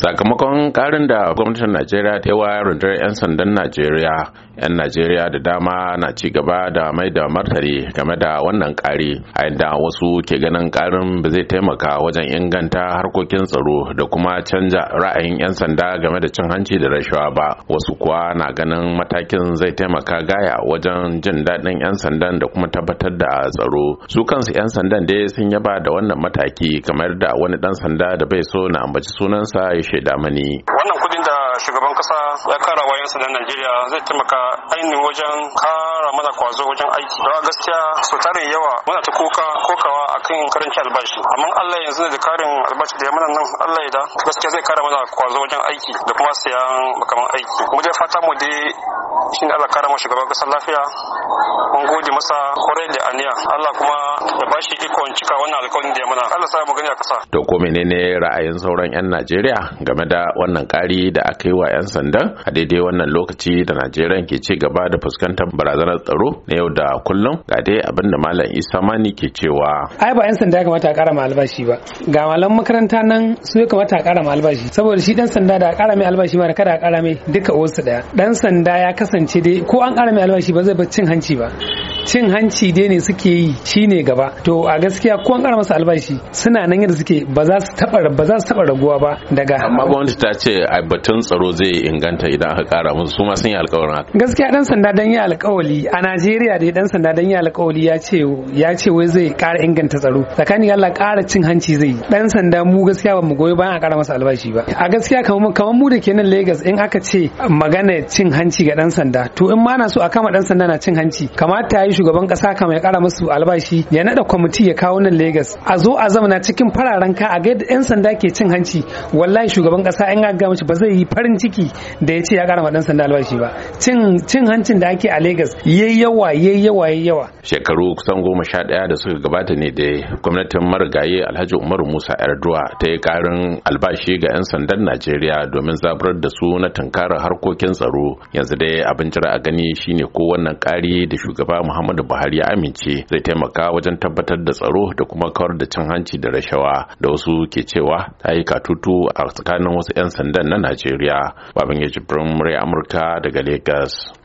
sakamakon karin da gwamnatin najeriya ta wa rundunar 'yan sandan najeriya 'yan najeriya da dama na ci gaba da mai da martani game da wannan kari a inda wasu ke ganin karin ba zai taimaka wajen inganta harkokin tsaro da kuma canja ra'ayin 'yan sanda game da cin hanci da rashawa ba wasu kuwa na ganin matakin zai taimaka gaya wajen jin daɗin 'yan sandan da kuma tabbatar da tsaro su kansu 'yan sandan dai sun yaba da wannan mataki kamar da wani ɗan sanda da bai so na ambaci sunansa shaida mani. Wannan shugaban kasa ya kara wayansa da Najeriya zai taimaka ainihin wajen kara mana kwazo wajen aiki. Don gaskiya so tare yawa muna ta kuka kokawa akan karanci albashi. Amma Allah yanzu da karin albashi da ya mana nan Allah ya da gaskiya zai kara mana kwazo wajen aiki da kuma sayan makaman aiki. Mu dai fata mu dai shin Allah kara mu shugaban kasa lafiya. Mun gode masa kwarai da aniya. Allah kuma ya bashi ikon cika wannan alƙawarin da ya mana. Allah sa mu gani a kasa. To ko menene ra'ayin sauran 'yan Najeriya game da wannan kari da aka kai wa 'yan sandan a daidai wannan lokaci da najeriya ke ci gaba da fuskantar barazanar tsaro na yau da kullum ga dai abin da malam isa mani ke cewa ai ba 'yan sanda ya kamata a kara ma albashi ba ga malam makaranta nan su ya kamata a kara ma albashi saboda shi dan sanda da kara mai albashi ma da kada a kara mai duka wasu daya dan sanda ya kasance dai ko an kara mai albashi ba zai bar cin hanci ba cin hanci dai ne suke yi shi ne gaba to a gaskiya ko an masa albashi suna nan yadda suke ba za su taɓa ba za su taɓa raguwa ba daga amma gwamnati ta ce a batun tsaro zai inganta idan aka ƙara musu su ma sun yi alƙawarin haka gaskiya dan sanda dan yi alƙawari a Najeriya dai dan sanda dan yi alƙawari ya ce ya ce wai zai ƙara inganta tsaro tsakanin Allah ƙara cin hanci zai yi dan sanda mu gaskiya ba mu goyi ba a ƙara masa albashi ba a gaskiya kamar kamar mu da ke nan Lagos in aka ce magana cin hanci ga dan sanda to in ma na so a kama dan sanda na cin hanci kamata ya yi shugaban kasa kama ya kara musu albashi ya nada kwamiti ya kawo nan Legas a zo a na cikin fararen ka a ga yan sanda ke cin hanci wallahi shugaban kasa in ga mishi ba zai yi farin ciki da ya ce ya kara dan sanda albashi ba cin cin hancin da ake a Lagos yayi yawa yayi yawa yayi yawa shekaru kusan goma sha ɗaya da suka gabata ne da gwamnatin marigayi Alhaji Umar Musa Yarduwa ta yi karin albashi ga 'yan sandan Najeriya domin zaburar da su na tunkarar harkokin tsaro yanzu dai abin jira a gani shine ko wannan kari da shugaba Muhammadu Buhari ya amince zai taimaka wajen tabbatar da tsaro da kuma kawar da cin hanci da rashawa da wasu ke cewa ta yi katutu kotu a tsakanin wasu 'yan sandan na najeriya babin ya jibrin murai amurka daga Legas.